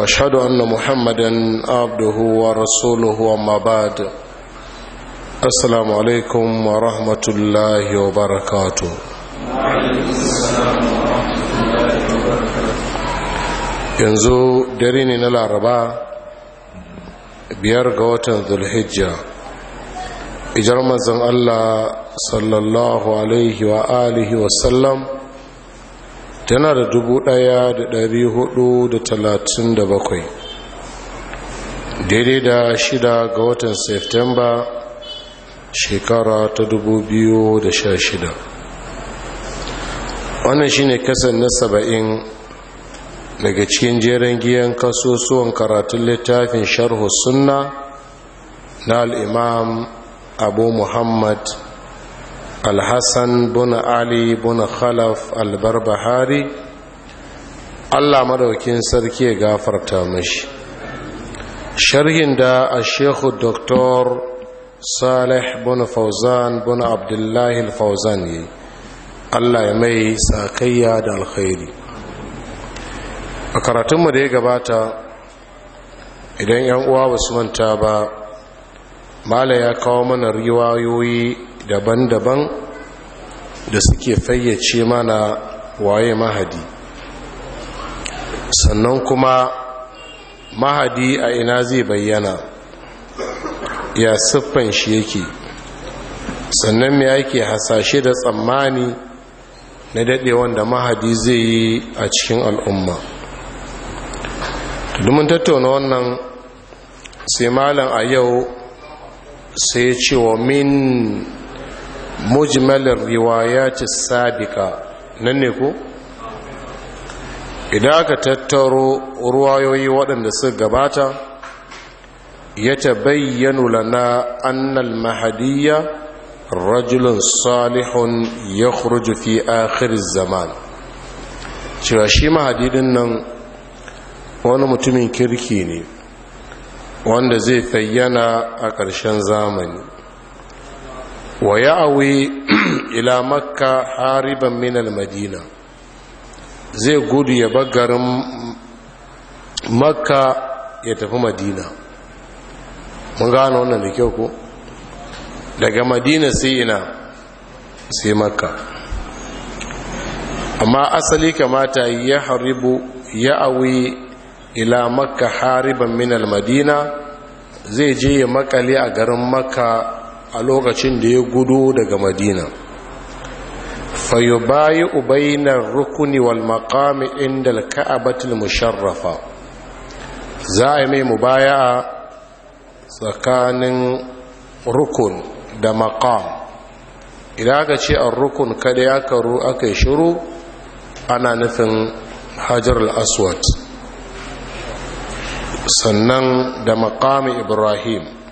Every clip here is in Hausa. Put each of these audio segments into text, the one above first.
واشهد ان محمدا عبده ورسوله وما بعد السلام عليكم ورحمه الله وبركاته yanzu dare ne na laraba biyar ga watan zulhijja ijar mazan allah sallallahu alaihi wa alihi wasallam tana da dubu ɗaya da dari hudu da talatin da bakwai daidai da shida ga watan septemba shekara ta dubu biyu da sha shida wannan shine kasan na saba'in daga cikin jeren giyan kasusuwan karatun littafin sharhu sunna na al'imam abu muhammad alhassan bin ali bin khalaf albarbahari allah madaukin sarki ya gafarta mashi sharhin da a shekhu doktor salih bin fauzan bin abdullahi fauzan yi allah ya mai sakayya da alkhairi a karatunmu da ya gabata idan yan uwa ba su manta ba mala ya kawo mana riwayoyi daban-daban da suke fayyace mana waye mahadi sannan kuma mahadi a ina zai bayyana ya siffan shi yake sannan me yake hasashe da tsammani na daɗewan da mahadi zai yi a cikin al'umma domin tattauna wannan sai malam a yau sai ce wa min mujmalar ci sabika nan ne ko idan aka tattaro ruwayoyi waɗanda su gabata ya ta tabayyanu lana annal mahadiyya rajulun salihun ya fi akhir zaman cewa shi mahadidin nan wani mutumin kirki ne wanda zai fayyana a ƙarshen zamani wa ya'awi ila makka hariban min al zai gudu ya bagarin makka ya tafi madina mun gano wannan da kyau ko daga madina sai ina sai makka amma asali kamata ya haribu ya awi ila makka hariban min al-madina zai je ya makale a garin makka a lokacin da ya gudu daga madina fayubayi ubainar rukuni wal makami inda alka'abatul musharrafa za a yi mai mubaya tsakanin rukun da makam idan aka ce a rukun kada ya karu aka yi shiru ana nufin hajar al'aswat aswad sannan da makami ibrahim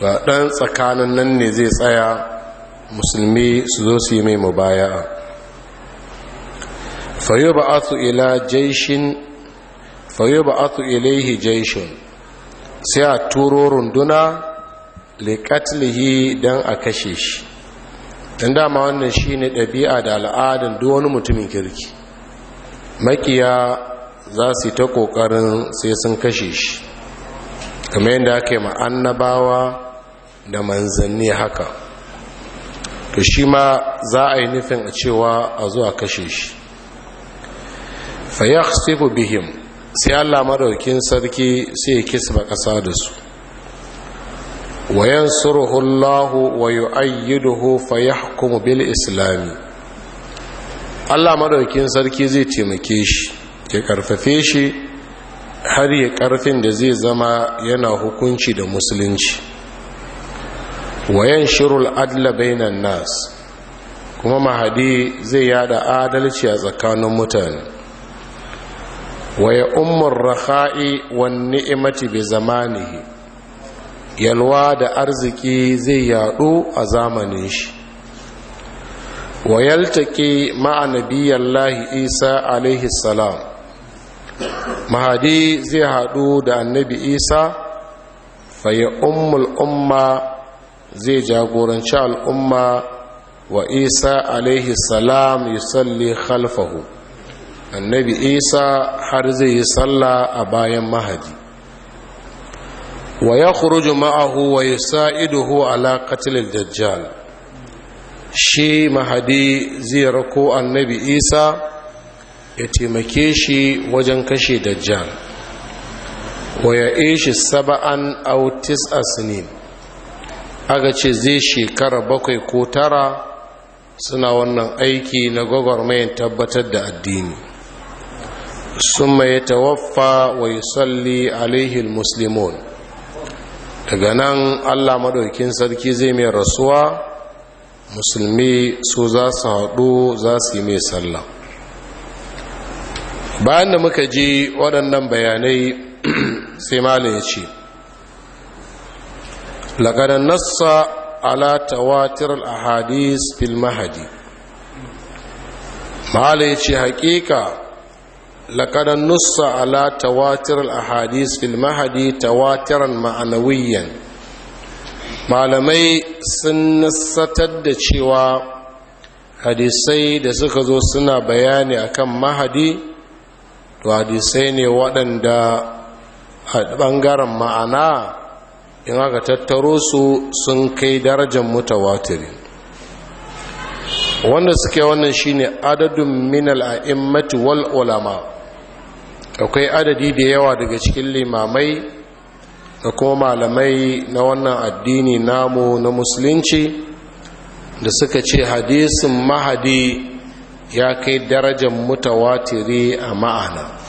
ba ɗan tsakanin nan ne zai tsaya musulmi su zo su yi mai mubaya'a fayo ba a su ila ilaihi jaishin sai a turo runduna likatlihi don a kashe shi ɗan dama wannan shi ne ɗabi'a da al'adun wani mutumin kirki makiya za su yi ta ƙoƙarin sai sun kashe shi kamar yadda ake ma annabawa da manzanni haka to shi ma za a yi nufin a cewa a zuwa kashe shi fayyar sifu bihim sai allah maɗaukin sarki sai ya kisba ƙasa da su wayan surhullahu wa fayyar kuma bil islami allah maɗaukin sarki zai taimake shi ya karfafe shi har ya ƙarfin da zai zama yana hukunci da musulunci wayan shirul adla bainan nas kuma mahadi zai yada adalci a tsakanin mutane waya umur raha'i wan ni'imati bi zamanihi yalwa da arziki zai yadu a zamanin shi wayaltaki ma'a nabiyallahi isa alaihi salam mahadi zai hadu da annabi isa faya ummul umma zai jagoranci al'umma wa isa alaihi salam salli khalfahu annabi isa har zai yi sallah a bayan mahadi wa ya kuruju ma'ahu wa yusa'iduhu ala alaƙatil dajjal shi mahadi zai rako annabi isa ya taimake shi wajen kashe dajjal wa ya ishi saba'an autis asinin aka ce zai shekara bakwai ko tara suna wannan aiki na gwagwarmayin tabbatar da addini sun mai tawaffa wa yi salli alaihil muslimun daga nan allah maɗaukin sarki zai mai rasuwa musulmi su za su haɗu za su yi mai sallah bayan da muka ji waɗannan bayanai sai malin ya ce لقد نص على تواتر الأحاديث في المهدي ماليش حقيقة لقد نص على تواتر الأحاديث في المهدي تواترا معنويا malamai sun nasatar da cewa hadisai da suka zo suna bayani akan mahadi to hadisai ne waɗanda a ɓangaren ma'ana in aka tattaro su sun kai darajar mutawatiri wanda suke wannan shine adadin minal a'immati wal ulama akwai adadi da yawa daga cikin limamai da kuma malamai na wannan addini namu na musulunci da suka ce hadisin mahadi ya kai darajar mutawatiri a ma'ana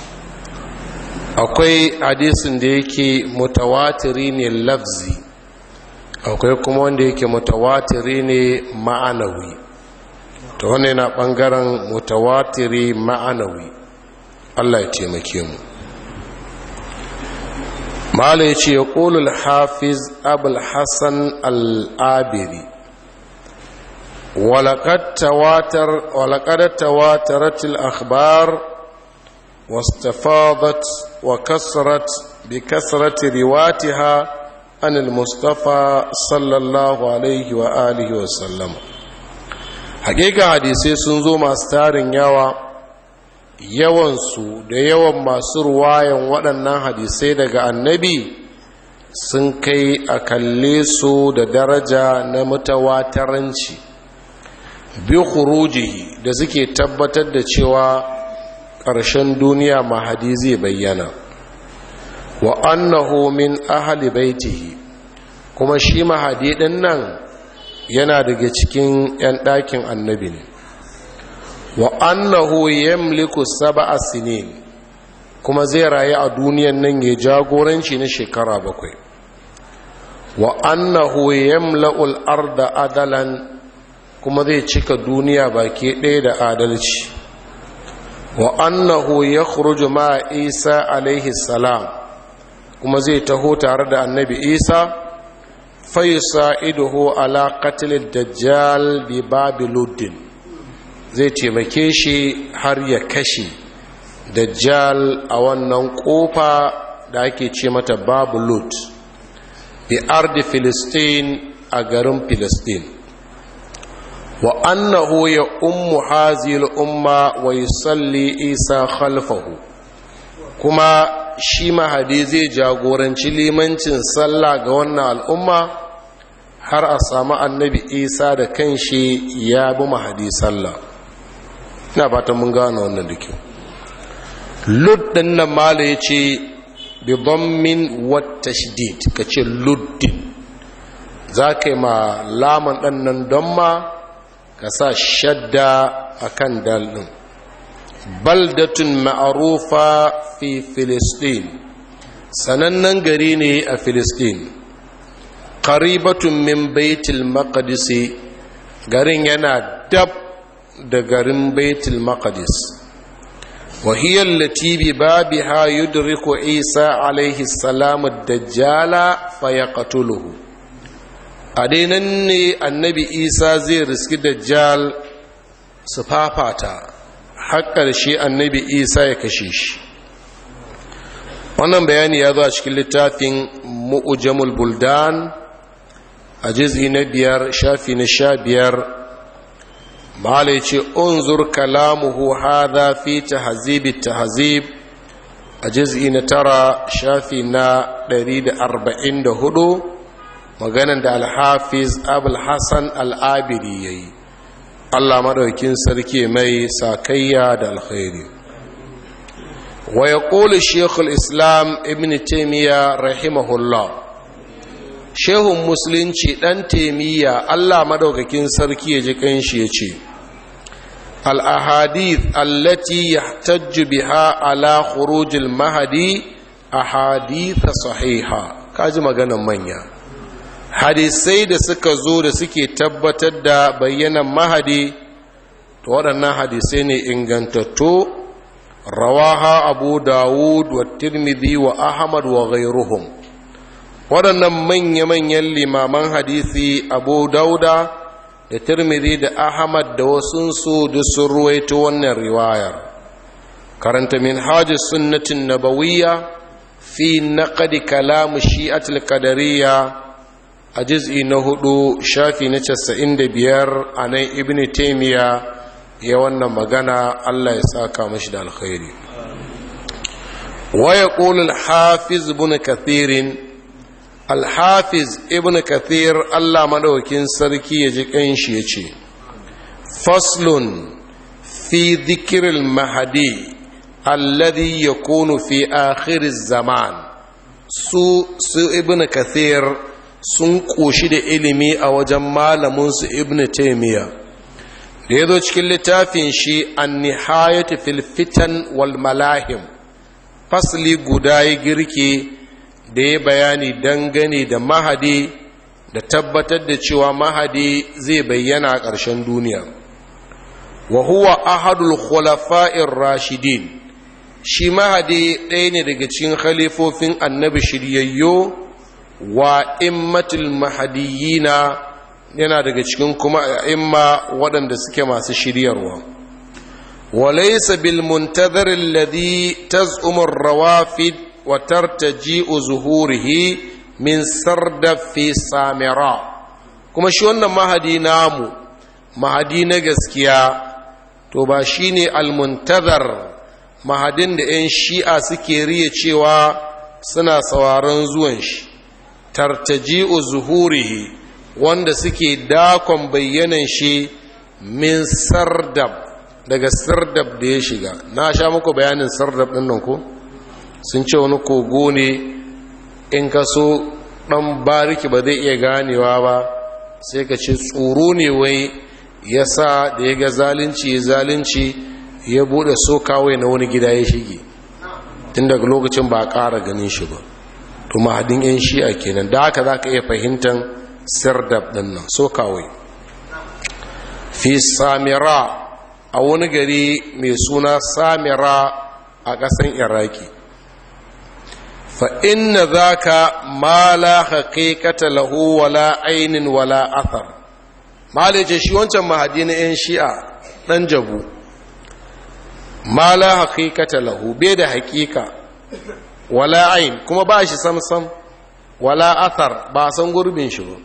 akwai hadisin da yake mutawatiri ne lafzi akwai kuma wanda yake mutawatiri ne ma'anawi ta wane na ɓangaren mutawatiri ma'anawi allah ya taimake mu mala ya ce ya ƙolul hafiz abul hassan al'abiri walakar tawataratul akhbar واستفاضت وكسرت بكسرة رواتها عن المصطفى صلى الله عليه وآله وسلم حقيقة حديثي سنزو ماستارن يوا yawansu da yawan masu ruwayan waɗannan hadisai daga annabi sun kai a kalle su da daraja na mutawataranci bi khurujihi da suke tabbatar da cewa ƙarshen duniya mahadi zai bayyana wa annahu min ahli baitihi kuma shi mahadi ɗin nan yana daga cikin 'yan ɗakin annabi ne wa annahu yamliku sab'a sinin kuma zai rayu a duniyan nan ya jagoranci na shekara bakwai wa annahu yamla'ul arda adalan kuma zai cika duniya baki ɗaya da adalci wa annahu ya ma isa alaihi salam kuma zai taho tare da annabi isa faisa iduhu ala katilin dajjal bi babiluddin zai taimake shi har ya kashe dajjal a wannan kofa da ake ce mata babulud bi ardi filistin a garin filistin wa annahu ya ummu umma wa yusalli isa khalfahu kuma shi mahadi zai jagoranci limancin sallah ga wannan al'umma har a samu annabi isa da kanshi ya bi mahadi sallah ina fatan mun gano wannan da kyau lud din nan mala ya ce bi dhammin wa tashdid kace luddin za ka ma laman ɗannan don ma ka sa shadda a kan dalin baldatun ma'arufa fi filistin sanannen gari ne a filistin Karibatun min baitul makadisi garin yana dab da garin baitul maqdis وهي التي Isa يدرك salamu عليه السلام الدجال فيقتله a nan ne annabi isa zai riski dajjal su fafata har ƙarshe annabi isa ya kashe shi wannan bayani ya zo a cikin littafin mu'ujamul buldan a jizgi na biyar shafi na sha biyar ma'ala ce unzur kalamuhu hadha fi tahzibi tahzib a jizgi na tara shafi na da hudu. maganan da alhafiz abul hassan al'abidi ya yi allah maɗaukin sarki mai sakayya da alkhairi wa ya ƙoli shekul islam ibn taimiyya rahimahullah shehun musulunci ɗan taimiyya allah maɗaukakin sarki ya ji ƙanshi ya ce al'ahadith allati yahtajju biha ala khurujil mahadi ahaditha sahiha kaji maganan manya hadisai da suka zo da suke tabbatar da bayyanan mahadi to waɗannan hadisai ne ingantattu rawaha abu dawud wa tirmidhi wa ahmad wa ghairuhum waɗannan manya-manyan limaman hadisi abu dauda da tirmidhi da ahmad da wasu da sun ruwaito wannan riwayar karanta min haji sunnatin nabawiyya fi naqdi kalam shi'atul qadariyya a jiz'i na hudu shafi na casa'in da biyar a nan ibn taimiya ya wannan magana allah ya saka mashi da alkhairi waya ƙulul hafiz ibn kathirin alhafiz ibn kathir allah maɗaukin sarki ya ji ƙanshi ya ce faslun fi zikiril mahadi alladhi yakunu fi akhir zaman su su ibn kathir sun ƙoshi da ilimi a wajen malaminsu ibn taimiyya da ya zo cikin littafin shi an nihayatu fil fitan wal malahim fasli guda ya girke da ya bayani dangane da mahadi da tabbatar da cewa mahadi zai bayyana a ƙarshen duniya wa huwa ahadul khulafa'ir rashidin shi mahadi ɗaya ne daga cikin khalifofin annabi shiryayyo wa immatul mahadiyina yana daga cikin kuma imma waɗanda suke masu shiryarwa laysa bil muntazir alladhi taz'umu rawafid wa tartaji zuhurihi min sarda fi samira kuma shi wannan mahadi namu mahadi na gaskiya to ba shine al muntazar mahadin da 'yan shi'a suke riya cewa suna sauraron zuwan shi Tartaji zuhurihi wanda suke dakon bayyanan shi min sardab daga sardab da ya shiga na sha muku bayanin sardab ɗin nan ko sun ce wani kogo ne in ka so ɗan bariki ba zai iya ganewa ba sai ka ce tsoro ne wai ya sa da ya ga zalunci ya zalunci ya buɗe so kawai na wani gida ya shige tun daga lokacin ba a ƙara ganin shi ba to mahadin yan shi'a kenan da haka za ka iya fahimtar sirdab ɗin nan so kawai fi samira a wani gari mai suna samira a ƙasan iraki Fa fa'inna za ka mala haƙiƙata lahu wala ainin wala athar Malaje shi wancan mahadi na 'yan shi'a ɗan jabu mala haƙiƙata lahu bai da haƙiƙa wala ain kuma ba shi samsam wala athar ba san gurbin shi ba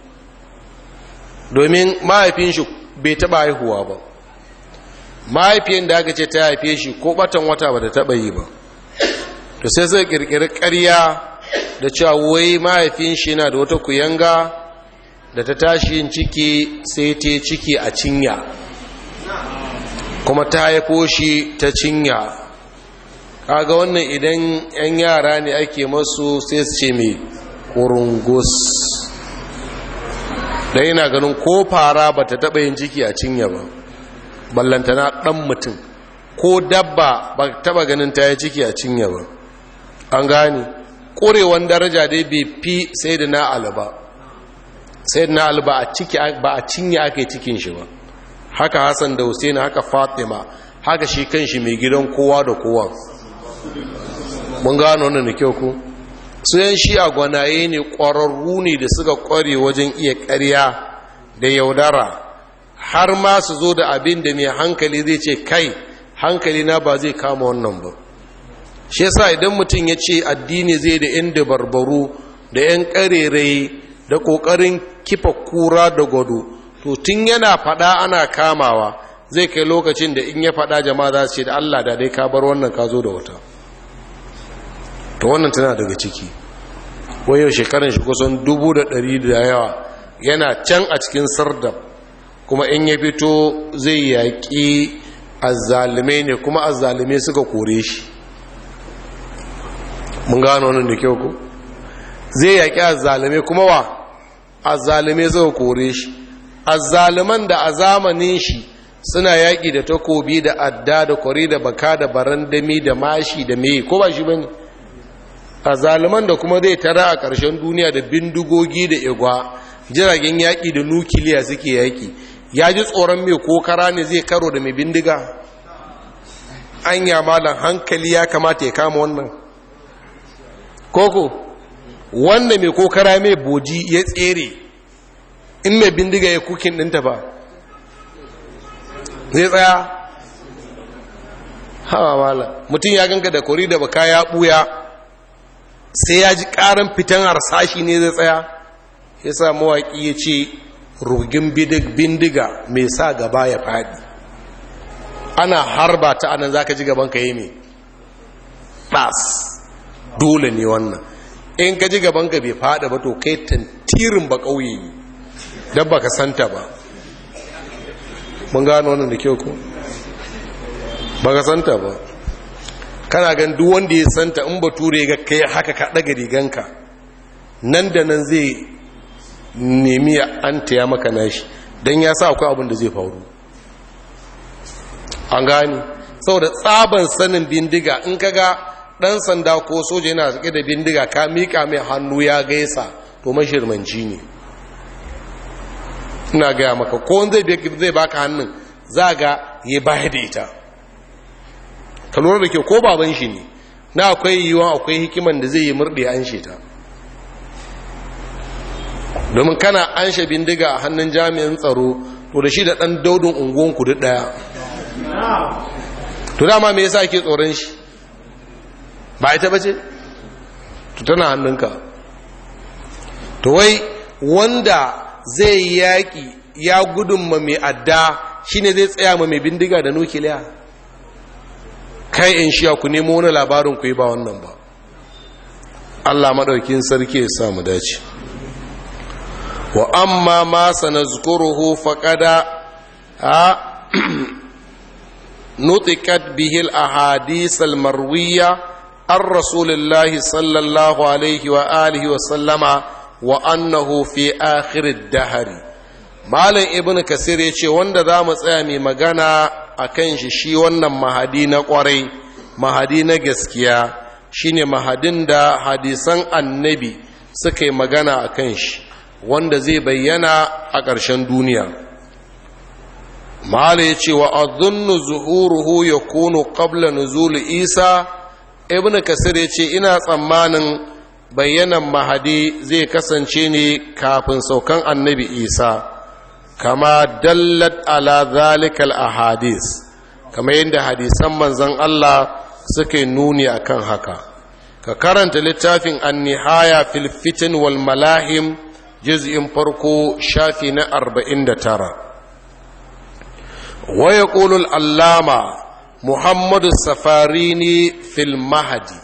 domin mahaifin shi bai taɓa haihuwa ba mahaifiyan da aka ce ta haife shi ko batan wata ba da taɓa yi ba to sai zai kirkiri ƙarya da cewa wai mahaifin shi na da wata kuyanga da ta tashi yin ciki sai ta ciki a cinya kuma ta haifo shi ta cinya kaga wannan idan yan yara ne ake masu sai su ce mai kurungus da yana ganin ko fara ba ta taɓa yin ciki a cinya ba ballantana ɗan mutum ko dabba ba taɓa ganin ta yi ciki a cinya ba an gane ƙorewan daraja dai bai fi sai da na alaba sai da na alaba ba a cinya ake cikin shi ba haka hassan da hussein haka fatima haka shi kan shi mai gidan kowa da kowa mun gano wannan da kyau ku? su yan a gwanaye ne ƙwararru ne da suka ƙware wajen iya ƙarya da yaudara har ma su zo da abin da mai hankali zai ce kai hankali na ba zai kama wannan ba shi yasa idan mutum ya ce addini zai da inda barbaru da yan ƙarerai da ƙoƙarin kifa kura da gwado to tun yana faɗa ana kamawa zai kai lokacin da in ya faɗa jama'a za su ce da allah da dai ka bar wannan ka zo da wata to wannan tana daga ciki wayo shekarun shi kusan dubu da ɗari da yawa yana can a cikin sardab kuma in ya fito zai yaƙi azzalume ne kuma azzalume suka kore shi mun gano wannan da kyau ko zai yaƙi azzalume kuma wa azzalume suka kore shi azzaluman da a zamanin shi suna yaƙi da takobi da adda da kwari da baka da barandami da mashi da meye ko ba shi bane a zaluman da kuma zai tara a ƙarshen duniya da bindigogi da igwa jiragen yaƙi da nukiliya suke yaƙi ya ji tsoron mai kokara ne zai karo da mai bindiga an malam hankali ya kamata ya kama wannan koko wanda mai kokara mai boji ya tsere in mai bindiga ya kukin ɗinta ba zai tsaya hawa malam mutum ya ganga da kori da baka ya ɓuya sai ya ji ƙarin fitan harsashi ne zai tsaya ya sa mawaƙi ya ce rugin bindiga mai sa gaba ya faɗi ana harba ta anan za ka ji gaban ka yi mai ɓas dole ne wannan in ka ji gaban ka bai faɗa ba to kai tantirin ba ƙauye ne don ba ka santa ba mun gano wannan da kyau ko ba ka santa ba kana gan duk wanda ya santa in bature ga kai haka ka daga riganka nan da nan zai nemi ya ya maka nashi don ya sa akwai abin da zai faru an gani saboda tsaban sanin bindiga in kaga dan sanda ko soja yana rike da bindiga ka mika mai hannu ya gaisa to mashirmanci ne ina gaya maka ko zai baka hannun za ga ya baya da ita ka lura da ke ko baban shi ne na akwai yiwuwa akwai hikiman da zai yi murɗe an shi ta domin kana an shi bindiga a hannun jami'in tsaro to da shi da ɗan daudin unguwan kudu ɗaya to dama me yasa ke tsoron shi ba ita bace to tana hannunka to wai wanda zai yaƙi ya gudunma mai adda shine zai tsaya ma mai bindiga da nukiliya kai in shiya ku nemo wani labarin ku yi ba wannan ba allah maɗaukin sarki ya samu dace wa amma ma sana zukuruhu faƙada a nutikat bihil a hadisal marwiya an rasulullah sallallahu alaihi wa alihi wa sallama wa annahu fi akhir dahari malam ibnu kasir ya ce wanda za mu tsaya mai magana a kan shi shi wannan mahadi na ƙwarai mahadi na gaskiya shine mahadin da hadisan annabi suka yi magana a kan shi wanda zai bayyana a ƙarshen duniya Malam ya ce wa azunnu zuhuruhu ya kono ƙabla nuzulu isa ibn kasir ya ce ina tsammanin bayyanan mahadi zai kasance ne kafin saukan annabi isa kama dallat ala zalikal ahadis kama yadda hadisan manzan Allah suka nuni kan haka ka karanta littafin annihaya nihaya fil fitin malahim juz'in farko shafi na arba'in da tara. yaqulu al-allama muhammadu safarini fil mahadi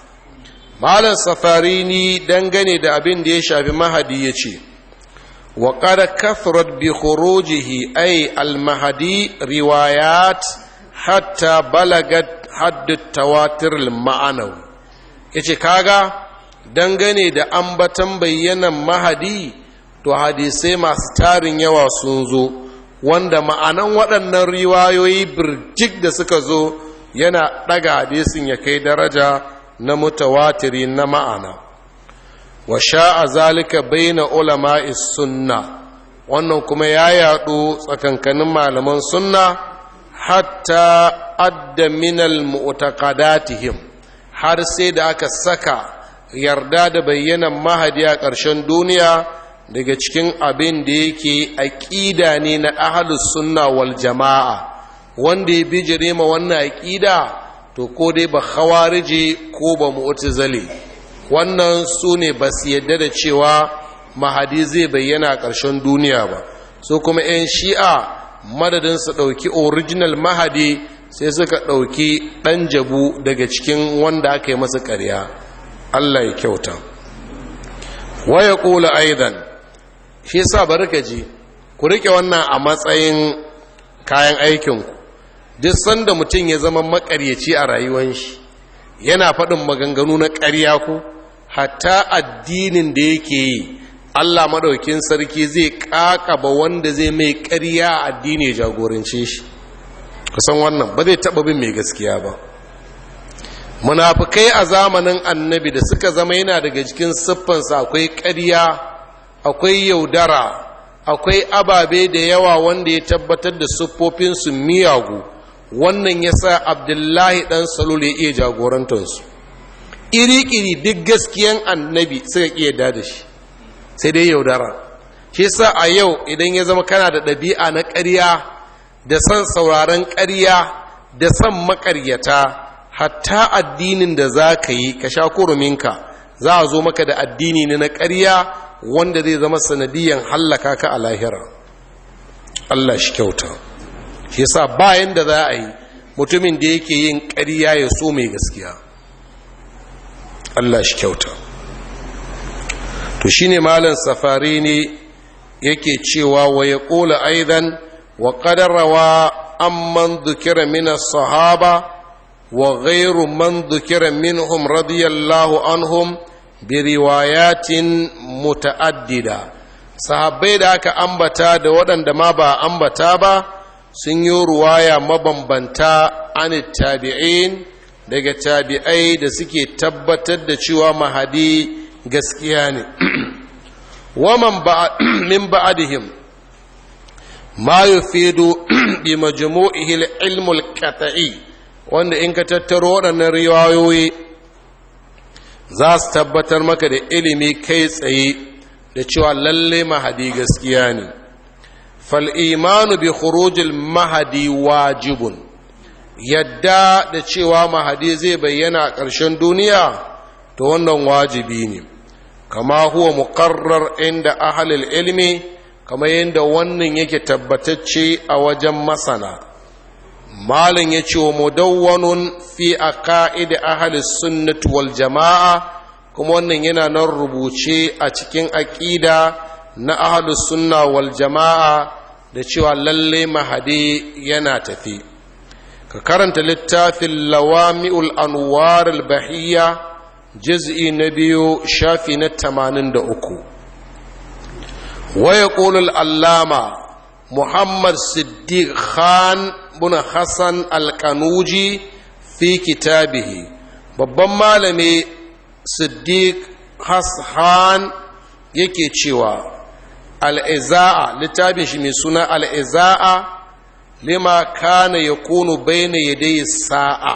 malam safarini dangane da abin da ya shafi mahadi ya ce wa qad kathurat bi khurujihi ay al mahdi riwayat hatta balagat hadd tawatir al ma'anawi yace kaga dangane da ambatan bayyanan mahadi to hadisai masu tarin yawa sun zo wanda ma'anan waɗannan riwayoyi birjik da suka zo yana ɗaga hadisin ya kai daraja na mutawatiri na ma'ana wa sha'a zalika ulama is sunna wannan kuma ya yado tsakankanin malaman sunna hatta adda minal mu'taqadatihim har sai da aka saka yarda da bayyana mahadi a ƙarshen duniya daga cikin abin da yake aƙida ne na ahalus sunna wal jama'a wanda ya bijire ma wannan aƙida to ko dai ba khawarije ko ba mu'tazili wannan su ne ba su yadda da cewa mahadi zai bayyana a ƙarshen duniya ba su kuma 'yan shi'a madadin su ɗauki original mahadi sai suka ɗauki ɗan jabu daga cikin wanda aka yi masa ƙarya allah ya kyauta waya ƙula aidan shi sa barka ji ku riƙe wannan a matsayin kayan aikinku duk sanda mutum ya zama maƙaryaci a rayuwan shi yana faɗin maganganu na ƙarya ku hatta addinin da yake yi Allah maɗaukin sarki zai ƙaƙaba wanda zai mai ƙarya addini ya jagorance shi kusan wannan ba zai taɓa bin mai gaskiya ba munafukai a zamanin annabi da suka zama yana daga cikin siffansa akwai ƙarya akwai yaudara akwai ababe da yawa wanda ya tabbatar da siffofinsu miyagu wannan ya sa abdullahi ɗan da ya iya jagorantarsu iri duk gaskiyan annabi suka ƙiyarda da shi sai dai yaudara shi sa a yau idan ya zama kana da ɗabi'a na ƙarya da son sauraron ƙarya da son maƙaryata hatta addinin da za ka yi ka sha kuruminka za a zo maka da addini na ƙarya wanda zai zama sanadiyan hallaka ka a lahira Allah shi kyauta shi sa bayan da za a yi mutumin da yake yin ƙarya ya so mai gaskiya Allah shi kyauta to shine malam safari ne yake cewa wa ya ƙola aidan wa ƙadarawa an man dukira mina sahaba wa ghairu man dukira minhum radiyallahu anhum bi riwayatin muta'addida sahabbai da aka ambata da waɗanda ma ba ambata ba sun yi ruwaya mabambanta an tabi'in daga tabi'ai da suke tabbatar da cewa mahadi gaskiya ne waman min ba'adihim ma yufidu bi majmu'ihi al-ilm al-qat'i wanda in ka tattaro waɗannan riwayoyi za su tabbatar maka da ilimi kai tsaye da cewa lalle mahadi gaskiya ne fal imanu bi khurujil mahadi wajibun yadda da cewa mahadi zai bayyana a ƙarshen duniya ta wannan wajibi ne kama huwa muƙarrar inda ahalil ilmi kama yadda wannan yake tabbatacce a wajen masana malin ya ce wa mudawwanun fi a ka'ida ahalis sunnati wal jama'a kuma wannan yana nan rubuce a cikin aƙida na ahalus sunna wal jama'a da cewa lalle mahadi yana tafi ka karanta littafin lawami'ul anwar al-bahiyya na biyu shafi na 83 uku. yaqulu al-allama muhammad siddiq khan bin Hassan al fi kitabihi babban malami siddiq hashan yake cewa al'iza'a littafin shi mai suna al'iza'a lima kana ya kunu baina yadai sa'a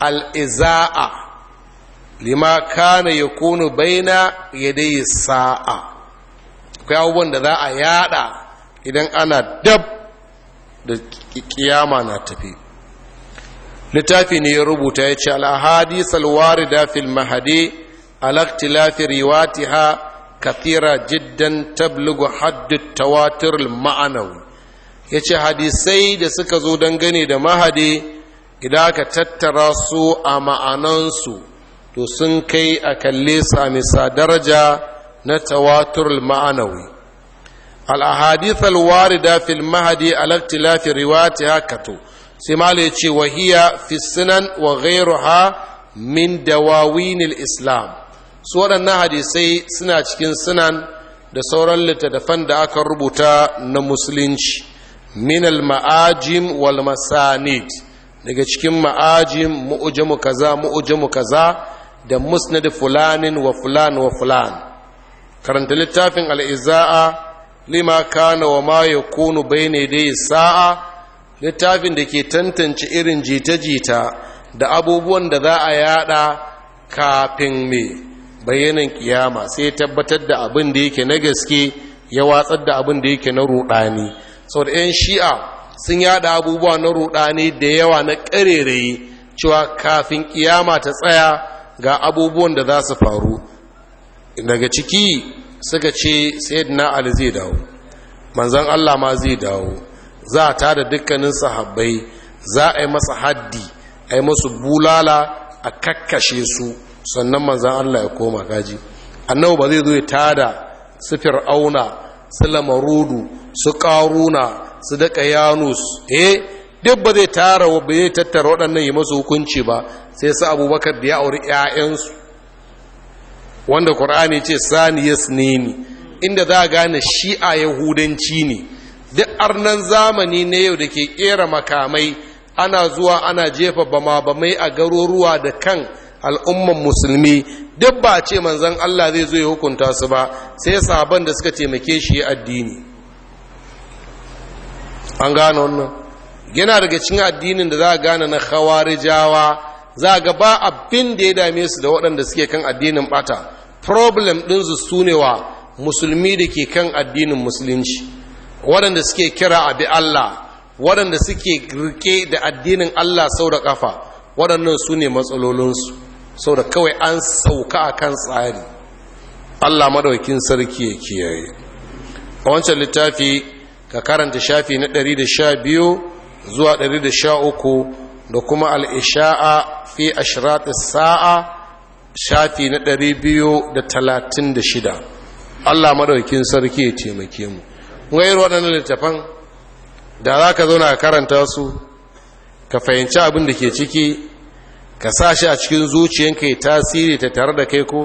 al'iza'a lima kana ya kunu baina yadai sa'a akwai abubuwan da za a yada idan ana dab da kiyama na tafi littafi ne ya rubuta ya ce al'ahadi salwari dafil mahadi alaktilafi riwatiha kathira jiddan tablugu haddu tawatir ma'anar. ya ce hadisai da suka zo dangane da mahadi idan ka tattara su a ma'anansu to sun kai a kalle samisa daraja na tawatur ma'anawi al'ahadith warida fil mahadi alaktilafi riwati haka to sai ya ce wahiya fi sunan wa ghairuha min dawawinil islam su waɗannan hadisai suna cikin sunan da sauran littattafan da aka rubuta na musulunci minal ma'ajim wal masanid daga cikin ma'ajim mu'ujamu kaza mu'ujamu kaza da musnad fulanin wa fulan wa fulan karanta littafin al'iza'a lima kana wa ma yakunu bayna dai sa'a littafin da ke tantance irin jita-jita da abubuwan da za a yada kafin me bayanan kiyama sai tabbatar da abin da yake na gaske ya watsar da abin da yake na rudani saboda 'yan shi'a sun yada abubuwa na rudani da yawa na ƙarerayi cewa kafin kiyama ta tsaya ga abubuwan da za su faru daga ciki suka ce sayyidina ali zai dawo manzan allah ma zai dawo za a tada dukkanin sahabbai za a yi masa haddi a yi masu bulala a kakkashe su sannan manzan allah ya koma kaji annabu ba zai zo ya tada su fir'auna su lamarudu su ƙaruna su daga yanus eh duk ba zai tara ba zai tattara waɗannan yi masu hukunci ba sai su abubakar da ya auri 'ya'yansu wanda ƙur'ani ce sani ya ni. inda za a gane shi'a yahudanci ne duk arnan zamani na yau da ke ƙera makamai ana zuwa ana jefa bama bamai a garuruwa da kan al'umman musulmi duk ba ce manzan Allah zai zo ya hukunta su ba sai sabon da suka taimake shi addini an gane wannan yana daga cikin addinin da za a gane na khawarijawa za ga ba abin da ya dame su da waɗanda suke kan addinin bata problem ɗinsu su ne wa musulmi da ke kan addinin musulunci waɗanda suke kira abi Allah waɗanda suke rike da addinin Allah sau da ƙafa waɗannan su ne matsalolinsu sau da kawai an sauka a kan tsari Allah madaukin sarki ya kiyaye a wancan littafi ka karanta shafi na 112 zuwa 113 da kuma al'isha'a fi ashirat sa'a shafi na 236 Allah maɗaukin sarki ya taimake mu wayar waɗannan littafan da za ka zauna ka karanta su ka fahimci abin da ke ciki ka sa shi a cikin zuciyanka ya tasiri ta tare da kai ko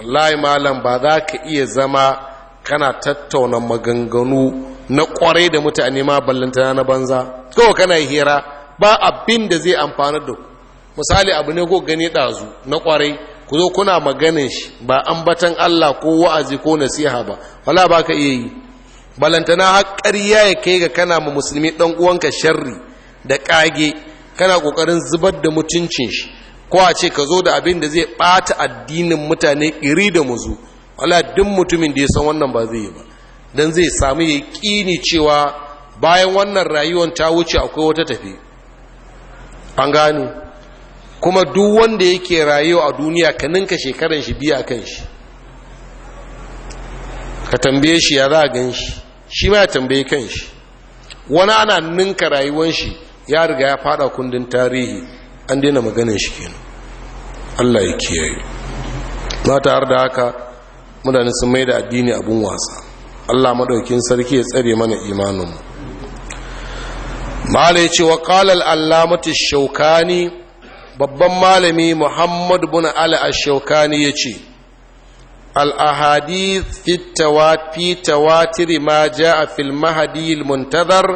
Allah malam ba za ka iya zama kana tattauna maganganu na kwarai da mutane ma ballantana na banza kawai kana hira ba abin da zai amfanar da misali abu ne ko gani ɗazu na kwarai ku zo kuna maganin shi ba ambatan Allah ko wa'azi ko nasiha ba wala ba ka iya yi ballantana har ƙarya ya kai ga kana ma musulmi ɗan uwanka sharri da ƙage kana ƙoƙarin zubar da mutuncin shi ko a ce ka zo da abin da zai ɓata addinin mutane iri da muzu wala duk mutumin da ya san wannan ba zai yi ba don zai samu ya kini cewa bayan wannan rayuwar ta wuce akwai wata tafi an gano kuma duk wanda yake rayuwa a duniya ka ninka shekaran shi biya kan shi ka tambaye shi ya za a gan shi shi ma ya tambaye kan shi wani ana ninka rayuwar shi ya riga ya fada kundin tarihi an daina maganin shi kenan Allah ya kiyaye Mata har da haka mutane sun mai da addini abin wasa allah maɗaukin sarki ya tsare mana imaninmu malai ce wa kalal allamatu shaukani babban malami muhammad bin ala ashaukani ya ce al'ahadith fi tawatiri ma ja a filmahadi muntazar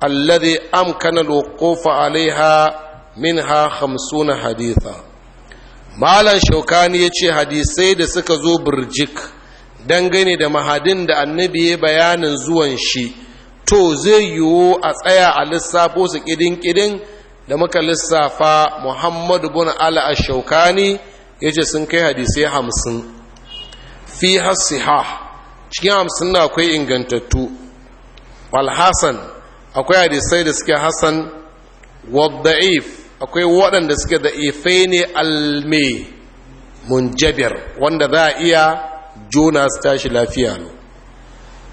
alladhi amkana alwuqufa alaiha minha 50 haditha malam shaukani ya ce hadisai da suka zo birjik dangane da mahadin da annabi ya bayanin zuwan shi to zai yiwu a tsaya a lissafo su kidin-kidin da muka lissafa muhammadu bin ala a shaukani ya ce sun kai hadisai hamsin fi hasiha cikin hamsin na akwai ingantattu walhassan akwai hadisai da suke hassan wadda'if akwai waɗanda suke da ife ne alme munjabir wanda za a iya juna su tashi lafiya ne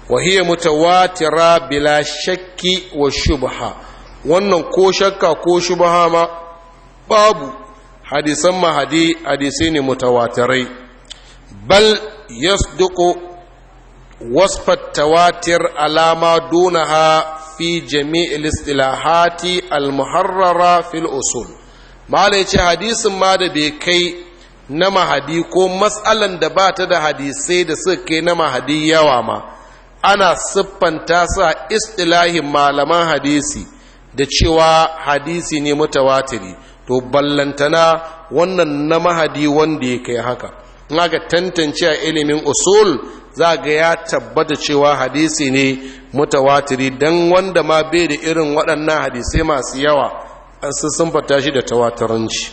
wahiyar mutawatira bila shakki wa shubha wannan ko shakka ko shubha ma babu hadisan mahadi hadisai ne mutawatirai bal yasduku wasfat tawatir alama dunaha fi jami'il istilahati al-muharrara fil usul malai ce hadisin ma da bai kai na mahadi ko matsalan da ba ta da hadisai da suka kai na mahadi yawa ma ana siffanta sa istilahin malaman hadisi da cewa hadisi ne mutawatiri to ballantana wannan na mahadi wanda ya kai haka in aka tantance a ilimin usul za ga ya tabbata cewa hadisi ne mutawatiri don wanda ma bai da irin waɗannan hadisai masu yawa an sun fata shi da tawataranci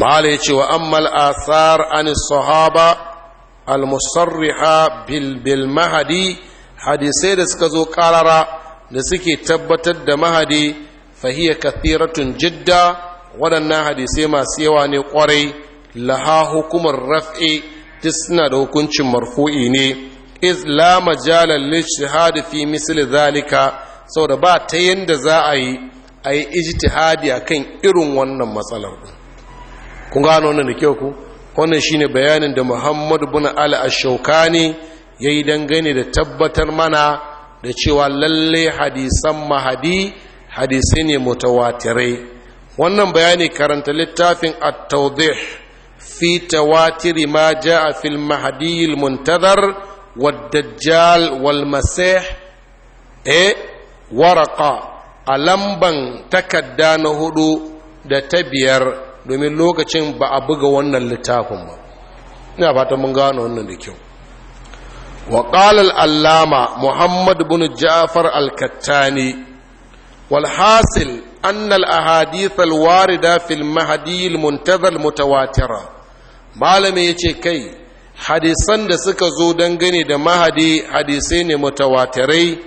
mala ya ce wa ammal asar an sahaba al-musarriha bil mahadi hadisai da suka zo karara da suke tabbatar da mahadi fahiyar kathiratun jidda waɗannan hadisai masu yawa ne kwarai laha hukumar raf'i duk suna da hukuncin marfu'i ne iz la majalar lishtihadi fi misli zalika saboda ba ta yadda za a yi a yi ijtihadi kan irin wannan matsalar kun gano wannan da kyau ku wannan shine bayanin da muhammadu bin Ali ashaukani ya yi dangane da tabbatar mana da cewa lalle hadisan mahadi hadisai ne mutawatirai wannan bayani karanta littafin at fi tawatiri ma ja'a fil mahdi al muntazar wad dajjal wal e waraka a lamban takadda na hudu da ta biyar domin lokacin ba a buga wannan littafin ba ina mun gano wannan da kyau وقال العلامة محمد بن جعفر wal والحاصل annal ahadith alwarida fil mahdi almuntazal mutawatira malami yace kai hadisan da suka zo dangane da mahadi hadisai ne mutawatirai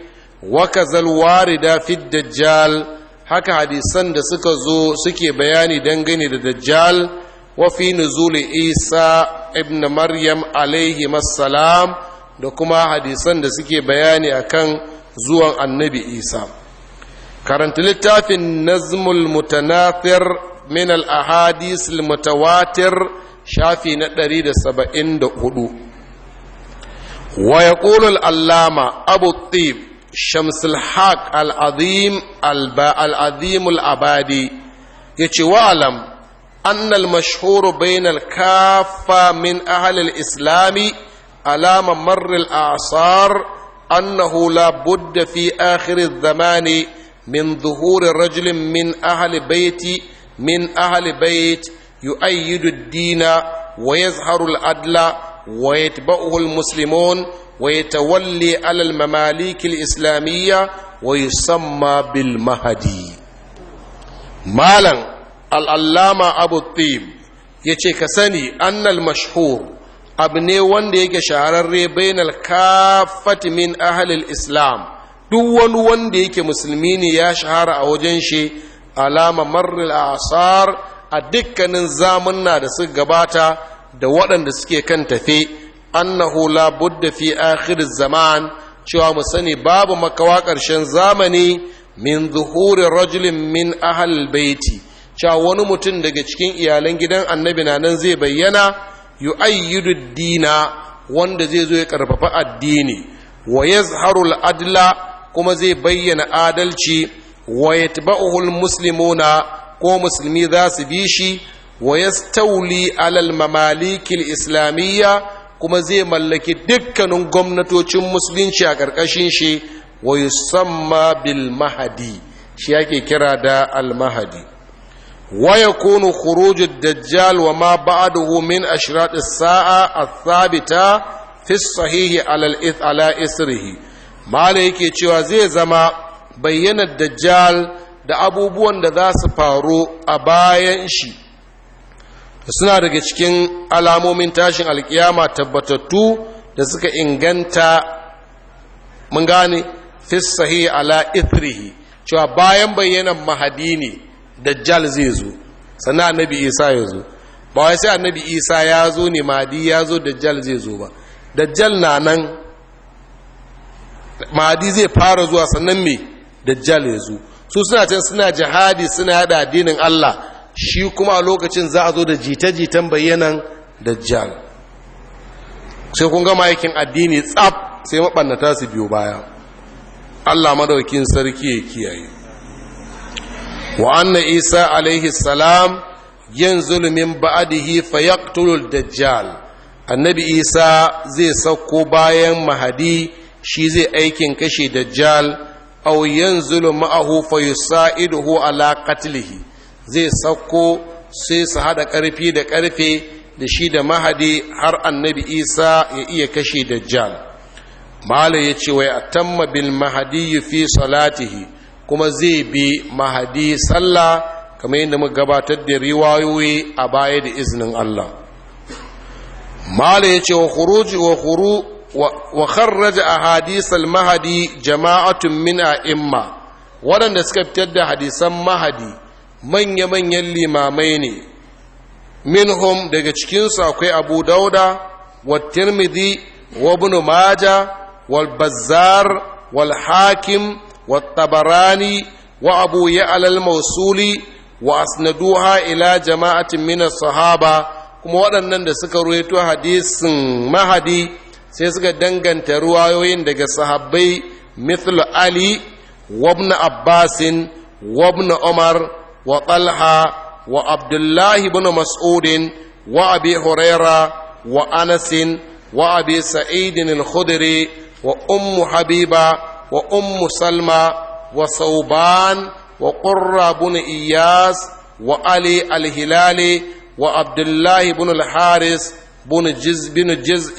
wa kazal warida fid dajjal haka hadisan da suka zo suke bayani dangane da dajjal wa fi nuzul isa ibn maryam alaihi assalam da kuma hadisan da suke bayani akan zuwan annabi isa karanta littafin nazmul mutanafir minal al ahadis mutawatir shafi na 174 da yaqulu da hudu. abu tib shams al haq al azim al al abadi yace wa alam an al mashhur bain al min ahl islami, alama marr al asar annahu la budda fi akhir al zamani min zuhuri rajulin min ahli baiti min ahli bait yu ad-dina wa yazharu al-adla wa yatba'uhu al-muslimun wa yatawalli ala al-mamalik islamiyya wa yusamma bil mahdi malan al-allama abu tib yace ka sani annal mashhur abu ne wanda yake shahararre bainal kafati min ahlil islam duk wani wanda yake musulmi ne ya shahara a wajen shi alama marril asar a dukkanin zamanna da suka gabata da waɗanda suke kan tafe annahu la budda fi akhir zaman cewa mu sani babu makawa ƙarshen zamani min zuhuri rajulin min ahal baiti cewa wani mutum daga cikin iyalan gidan annabi na nan zai bayyana ayyudu dina wanda zai zo ya ƙarfafa addini wa yazharu al-adla kuma zai bayyana adalci wa yatba'uhul muslimuna ko musulmi za su bi shi wa yastawli alal mamalikil islamiyya kuma zai mallaki dukkanin gwamnatocin musulunci a ƙarƙashin shi wa yusamma bil mahadi shi yake kira da al mahadi wa yakunu khuruj dajjal wa ma ba'dahu min ashrat as-sa'a ath sabita fi as-sahihi ala al-ith ala isrihi mala yake cewa zai zama bayyana dajjal da abubuwan da za su faru a bayan shi suna daga cikin alamomin tashin alkiyama tabbatattu da suka inganta mun gane fisahi ala ithrihi cewa bayan bayyana mahadi ne dajjal zai zo sannan annabi isa ya zo ba wai sai annabi isa ya zo ne mahadi ya zo dajjal zai zo ba dajjal na nan mahadi zai fara zuwa sannan me dajjal ya zo su suna can suna jihadi suna yada addinin Allah shi kuma a lokacin za a zo da jita-jitan bayyanan dajjal sai kun gama aikin addini tsab sai maɓannata su biyo baya Allah madaukin sarki ya kiyaye wa anna isa alaihi salam zulumin min ba'dihi fayaqtulul dajjal annabi isa zai sauko bayan mahadi shi zai aikin kashe dajjal aw yanzulu ma'ahu fa yusaiduhu ala qatlihi zai sauko sai su hada karfi da karfe da shi da mahadi har annabi isa ya iya kashe dajjal mala ya ce wai atamma bil mahadi fi salatihi kuma zai bi mahadi sallah kamar yadda muka gabatar da riwayoyi a baya da iznin Allah mala ya ce wa wa wa kharraja ahadith al-mahdi jama'atun min imma waɗanda suka fitar da hadisan mahadi manya-manyan limamai ne minhum daga cikinsu akwai abu dauda wa tirmidhi wa ibn maja wal bazzar wal hakim wa tabarani wa abu ya'al al mausuli wa asnaduha ila jama'atin min sahaba kuma waɗannan da suka ruwaito hadisin mahadi sai suka danganta ruwayoyin daga sahabbai mithlu ali wabna abbasin wabna umar wa talha wa abdullahi ibn mas'udin wa abi huraira wa anasin wa abi sa'idin al-khudri wa ummu habiba wa ummu salma wa sauban wa qurra ibn iyas wa ali al-hilali wa abdullahi ibn al-haris بن جزء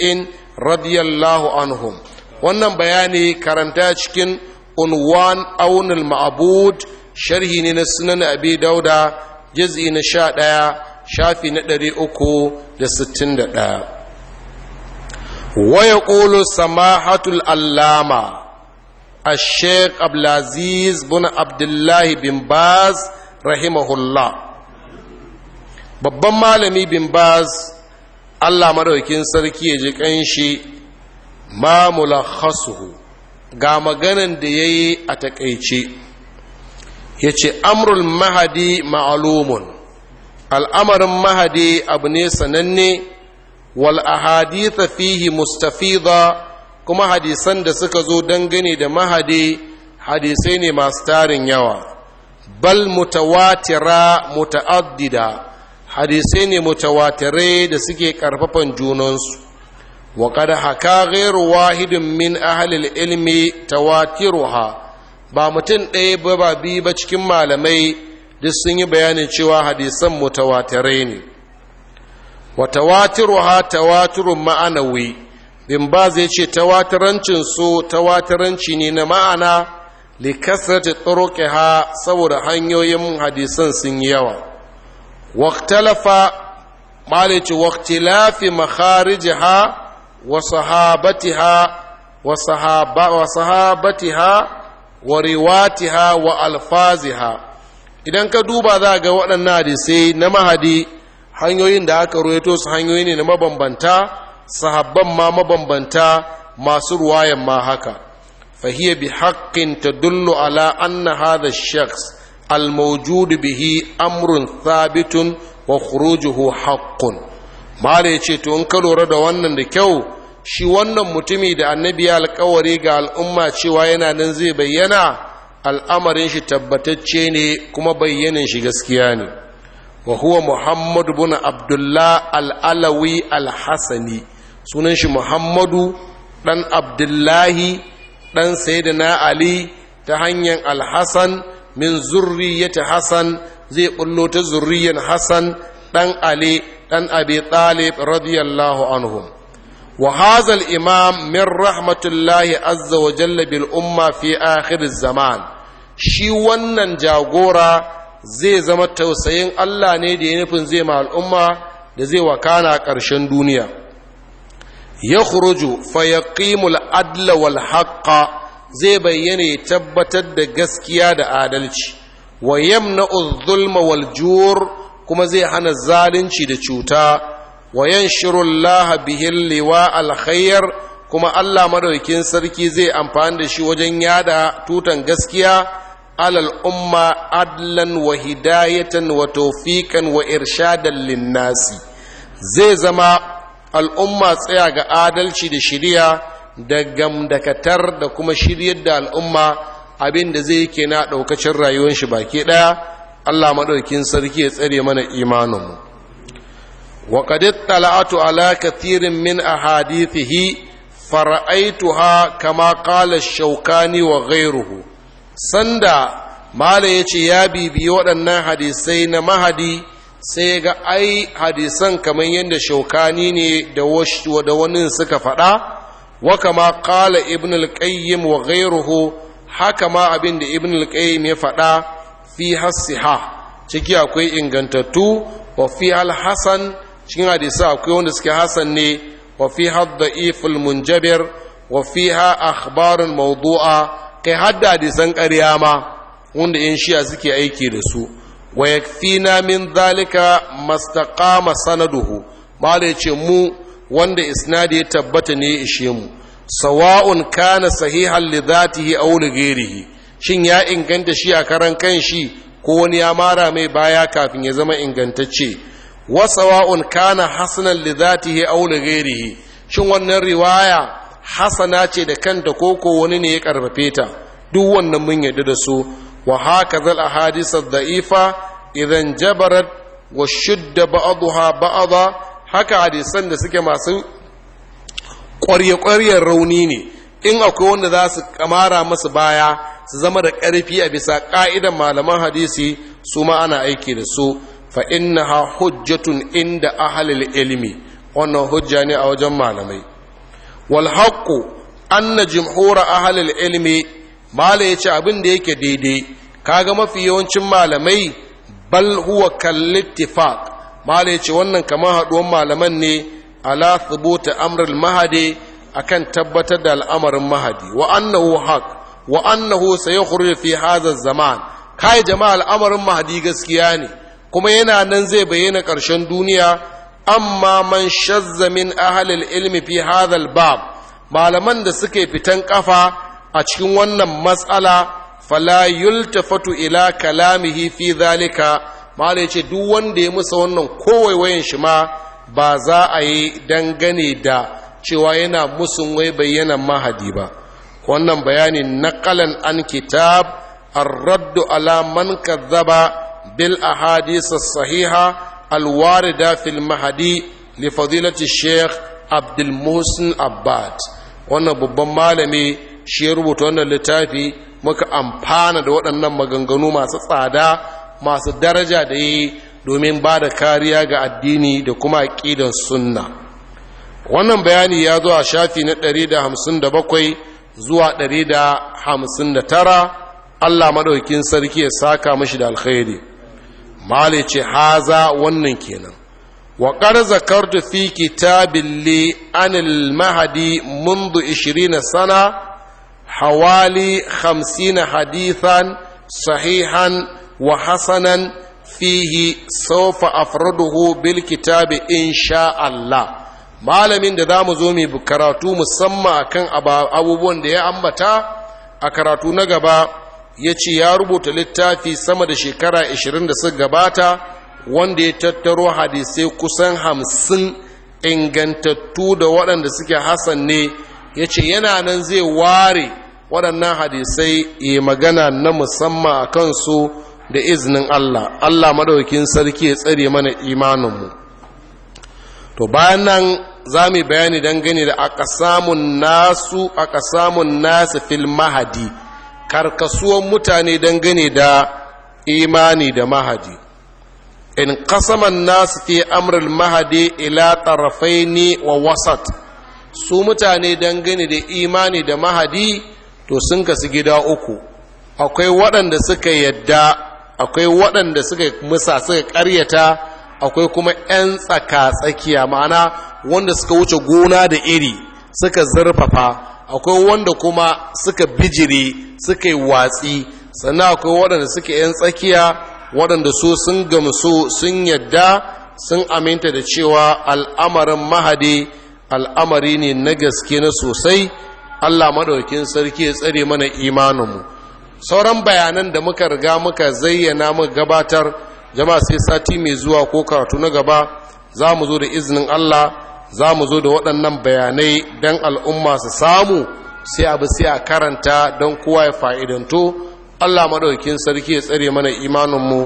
radiyallahu anhum wannan bayani karanta cikin unwan aunul ma'bud sharhi ne na sunan abi dauda juz'i na sha ɗaya shafi na ɗari uku da sittin da ɗaya waya ƙolo samahatul allama a sheik Ablaziz bin abdullahi bin baz rahimahullah babban malami bin baz Allah madaukin sarki ya ji kanshi ma mulakhasuhu ga maganan da yayi a Ya ce amrul mahadi ma'lumun al'amarin mahadi abu ne sananne wal ahaditha fihi mustafida kuma hadisan da suka zo dangane da mahadi hadisai ne masu tarin yawa bal mutawatira muta'addida hadisai ne mutawatirai da suke karfafan junansu wa qad haka ghairu wahidin min ahli ilmi tawatiruha ba mutum ɗaya ba ba bi ba cikin malamai duk sun yi bayanin cewa hadisan mutawatirai ne wa tawatiruha tawaturun ma'anawi bin ba zai ce tawatirancin su tawatiranci ne na ma'ana likasar ta ha saboda hanyoyin hadisan sun yi yawa waktalafa malice waktilafi makharijiha wa sahabatiha wa sahabatiha wa wa alfaziha idan ka duba za ga waɗannan hadisai na mahadi hanyoyin da aka ruwaito su hanyoyi ne na mabambanta sahabban ma mabambanta masu ruwayan ma haka fahiyya bi haƙƙin ta dullu ala anna hada, shakhs almaujudu bihi amrun thabitun wa khurujuhu haqqun mala ya ce to in ka lura da wannan da kyau shi wannan mutumi da annabi ya alkawari ga al'umma cewa yana nan zai bayyana al'amarin shi tabbatacce ne kuma bayyanin shi gaskiya ne wa huwa muhammad bin abdullah al'alawi al-hasani sunan shi muhammadu dan abdullahi dan sayyidina ali ta hanyar al-hasan min zurriyati hasan zai bullo ta zurriyan hasan dan ali dan abi talib radiyallahu anhum wa imam min rahmatullahi azza wa jalla bil umma fi akhir zaman shi wannan jagora zai zama tausayin Allah ne da ya nufin zai ma al'umma da zai wakana ƙarshen duniya ya khuruju fa yaqimul adla wal haqqa zai bayyana ya tabbatar da gaskiya da adalci wa yamna zulma wal jur kuma zai hana zalunci da cuta wa yanshuru Allah bihil liwa al kuma Allah madaukin sarki zai amfani da shi wajen yada tutan gaskiya alal umma adlan wa hidayatan wa tawfiqan wa irshadan linnasi zai zama al'umma tsaya ga adalci da shiriya da gamdakatar da kuma shiryar da al'umma abin da zai ke na ɗaukacin rayuwar shi baki ɗaya allah maɗaukin sarki ya tsare mana imaninmu wa ƙadid tala'atu ala kathirin min fara'aitu ha kama ƙala shaukani wa ghayruhu sanda mala yace ya bibiyi waɗannan hadisai na mahadi sai ga ai hadisan kamar yadda shaukani ne da wani suka faɗa Wakama kama qala ibn al-qayyim wa ghayruhu haka ma abinda da ibn al ya faɗa fi hasiha ciki akwai ingantattu wa fi al cikin hadisa akwai wanda suke Hassan ne wa fi ad-da'if munjabir wa fiha akhbarun mawdu'a kai hadda hadisan ƙarya ma wanda yan shiya suke aiki da su wa yakfina min zalika mastaqama sanaduhu mala mu wanda isnadi ya tabbata ne ya ishe mu sawa'un kana sahihan li dhatihi aw li ghairihi shin ya inganta shi a karan kan shi ko wani ya mara mai baya kafin ya zama ingantacce wa sawa'un kana hasanan li dhatihi aw li ghairihi shin wannan riwaya hasana ce da kanta ko ko wani ne ya karfafe ta duk wannan mun yarda da su wa hakaza al ahadith ad da'ifa idan jabarat wa shudda ba'daha ba'dha haka hadisan da suke masu ƙwarye-ƙwaryen rauni ne in akwai wanda za su kamara masu baya su zama da ƙarfi a bisa ƙa'idan malaman hadisi su ma ana aiki da su fa ha hujjatun inda ahalil ilmi wannan hujja ne a wajen malamai wal haqqu anna jumhura ahalil ilmi mala yace abin da yake daidai kaga mafi yawancin malamai bal huwa kal malai ce wannan kamar haɗuwan malaman ne ala thubuta amrul mahadi akan tabbatar da al'amarin mahadi wa annahu haq wa annahu sayakhruju fi hadha zaman kai jama'a al'amarin mahadi gaskiya ne kuma yana nan zai bayyana ƙarshen duniya amma man shazza min ahlil ilmi fi hadha bab malaman da suke fitan kafa a cikin wannan matsala fala yultafatu ila kalamihi fi zalika mala ya ce duk wanda ya musa wannan wayan shi ma ba za a yi dangane da cewa yana musun wai bayyana mahadi ba wannan bayani naqalan an kitab الرد على من كذب بالأحاديث sahiha, الواردة mahadi mahadi, لفضيلة shekh Abdul المحسن عباد wannan babban malami shi ya rubuta wannan littafi muka amfana da waɗannan maganganu masu tsada masu daraja da yi domin ba da kariya ga addini da kuma aƙidan sunna wannan bayani ya zo a shafi na 157 zuwa 159 allah maɗaukin sarki ya saka mashi da alkhairi male ce haza wannan kenan وقد ذكرت an كتاب لي عن المهدي na عشرين hawali حوالي na hadithan sahihan. wa hasanan fihi saufa afraduhu bil kitabi insha Allah malamin da zamu zo mu karatu musamman akan abubuwan da ya ambata a karatu na gaba ya ce ya rubuta littafi sama da shekara 20 da suka gabata wanda ya tattaro hadisai kusan hamsin ingantattu da waɗanda suke hasan ne ya ce yana nan zai ware waɗannan hadisai ya magana na musamman a kansu da iznin Allah Allah madaukin sarki ya tsare mana imaninmu to bayan nan za mu bayani dangane da aqsamun nasu aqsamun nasu fil mahadi karkasuwan mutane dangane da imani da mahadi in qasaman nasu fi amril mahadi ila tarafaini wa wasat su mutane dangane da imani da mahadi to sun kasu gida uku akwai waɗanda suka yadda akwai waɗanda suka musa suka ƙaryata akwai kuma 'yan tsaka-tsakiya ma'ana wanda suka wuce gona da iri suka zurfafa akwai wanda kuma suka bijire suka yi watsi sannan akwai waɗanda suka 'yan tsakiya waɗanda su sun gamsu sun yadda sun aminta da cewa al'amarin mahadi al'amari ne na gaske na sosai allah madaukin sarki ya tsare mana imaninmu sauran bayanan da muka riga muka zayyana muka gabatar jama'a sai sati mai zuwa ko karatu na gaba za mu zo da izinin Allah za mu zo da waɗannan bayanai don al'umma su samu sai abu sai a karanta don kowa ya fa'idanto Allah maɗaukin sarki ya tsare mana imaninmu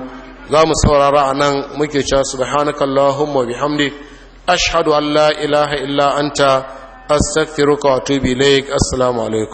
za mu saurara a nan muke cewa subhanakallahumma bihamdik ashhadu an la ilaha illa anta astaghfiruka wa atubu ilaik assalamu